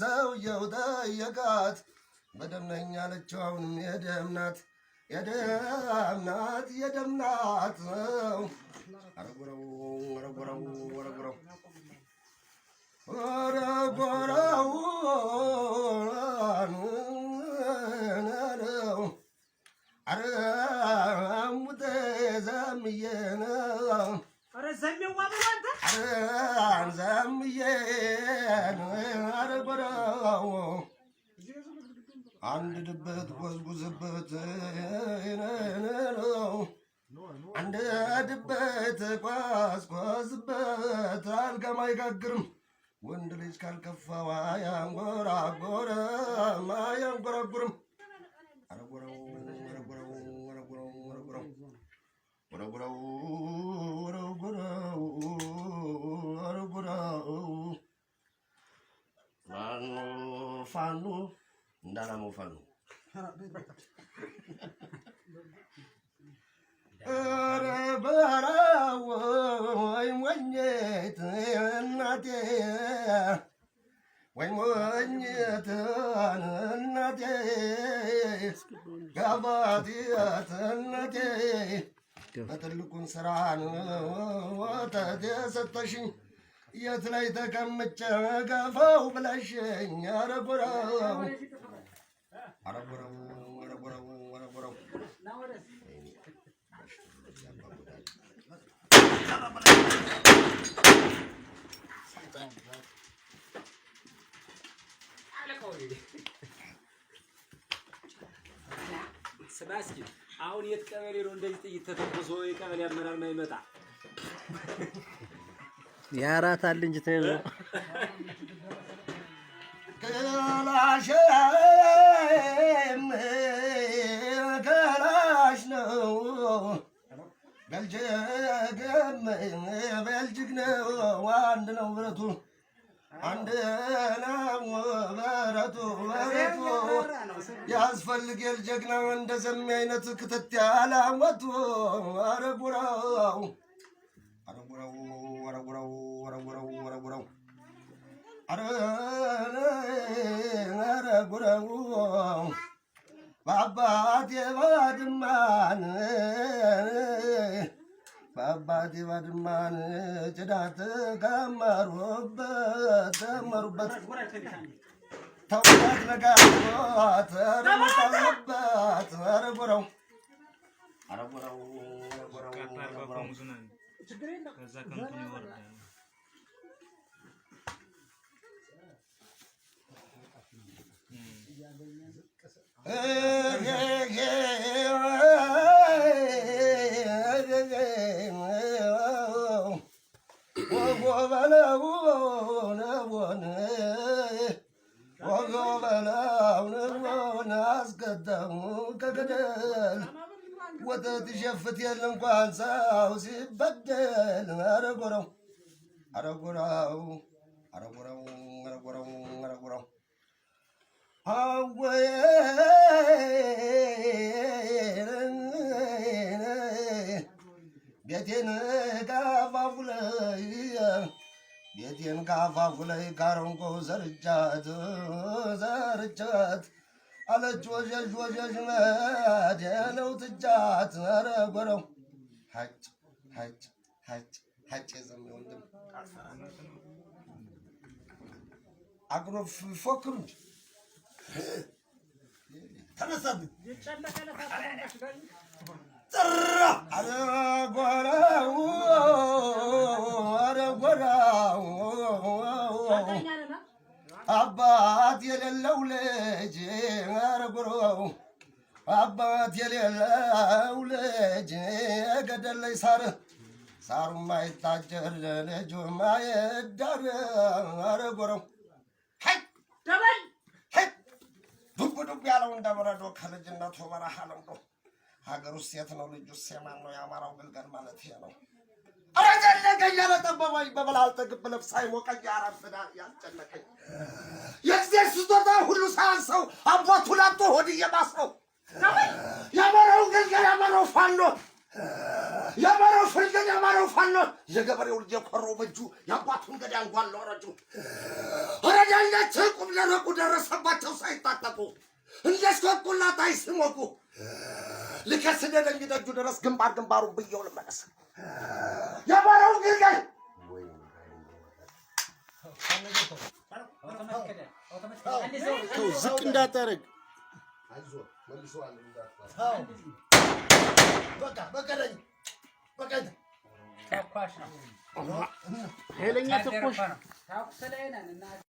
ሰውየው ጠየቃት። በደም ነኝ አለችው። አሁንም የደም ናት የደም ናት የደም ናት በረበራው አንድ ድበት ጎዝጉዝበት ነው አንድ ድበት ቋዝቋዝበት አልጋም አይጋግርም ወንድ ልጅ ካልከፋው አያንጎራጎርም አያንጎራጉርም አረጎረው ፋኖ እንደ አላማው ፋኖ ኧረ በራ ወይ እናቴ ወይ ሞኘት እናቴ ጋባትያት እናቴ በትልቁን ስራን ተደሰተሽኝ የት ላይ ተቀምጬ ገፋው ብለሽኝ አረጉረው አረጉረው አሁን የት ቀበሌ ነው እንደዚህ ጥይት ተተኩሶ የቀበሌ አመራር ማይመጣ የአራት አለ እንጂ ተይዞ ከላሽ ነው በልጅግ ነው አንድ ነው ብረቱ አንድ ነው በረቱ በረቱ ያስፈልግ የልጀግና እንደ ዘሜ አይነት ክትት ያላወቱ አረብ በአባቴ ባድማን በአባቴ ባድማን ጭዳት ከመሩበት ተመሩበት ተውበት ነጋት ረሙታበት ረጉረው አረጉረው ከገደል ወተት ሸፍት የለ እንኳን ሰው ሲበደል አረጎረው አረጎረው አረጎረው አረጎረው አረጎረው ቤቴን ካፋፉለይ ቤቴን ላይ ካረንቆ ዘርቻት ዘርቻት አለች ወዠዥ ወዠዥ መድነው ትጃት ኧረ ጎረው ሀጭ ሀጭ ሀጭ ሀጭ የዘሜ ወንድም አቅሮ ፎክሩ እንጂ ተነሳብኝ አባት የሌለው ልጅ አረጎራው አባት የሌለው ልጅ ገደለይ ሳር ሳሩ ማይታጀር ልጁ ማይዳር አረጎራው ሀይ ደበል ጉድጉድ ያለው እንደ በረዶ ከልጅነቱ በረሃ ለምዶ ውስጥ የት ነው ልጁ ሴማን ነው የአማራው ግልገል ማለት ነው። ኧረ ዘለቀኝ ያለጠበባኝ በበላልጠ ግብ ልብስ አይሞቀኝ አረፍዳ ያስጨነቀኝ የእግዚአብሔር ስጦታ ሁሉ ሳያንሰው አባቱ ላጦ ሆድ እየባሰው የአማራው ግልገል የአማራው ፋኖ የአማራው ፍልገል የአማራው ፋኖ የገበሬው ልጅ የኮረው በእጁ የአባቱን ገዳ አንጓለው ረጁ ረዳኛቸው ቁም ለረቁ ደረሰባቸው ሳይታጠቁ እንደስኮቁላት አይስሞቁ ልከስደለኝ ደጁ ድረስ ግንባር ግንባሩ ብየው ልመለስ የባረው ግርገኝ ዝቅ እንዳታረግ ኃይለኛ ትኮሽ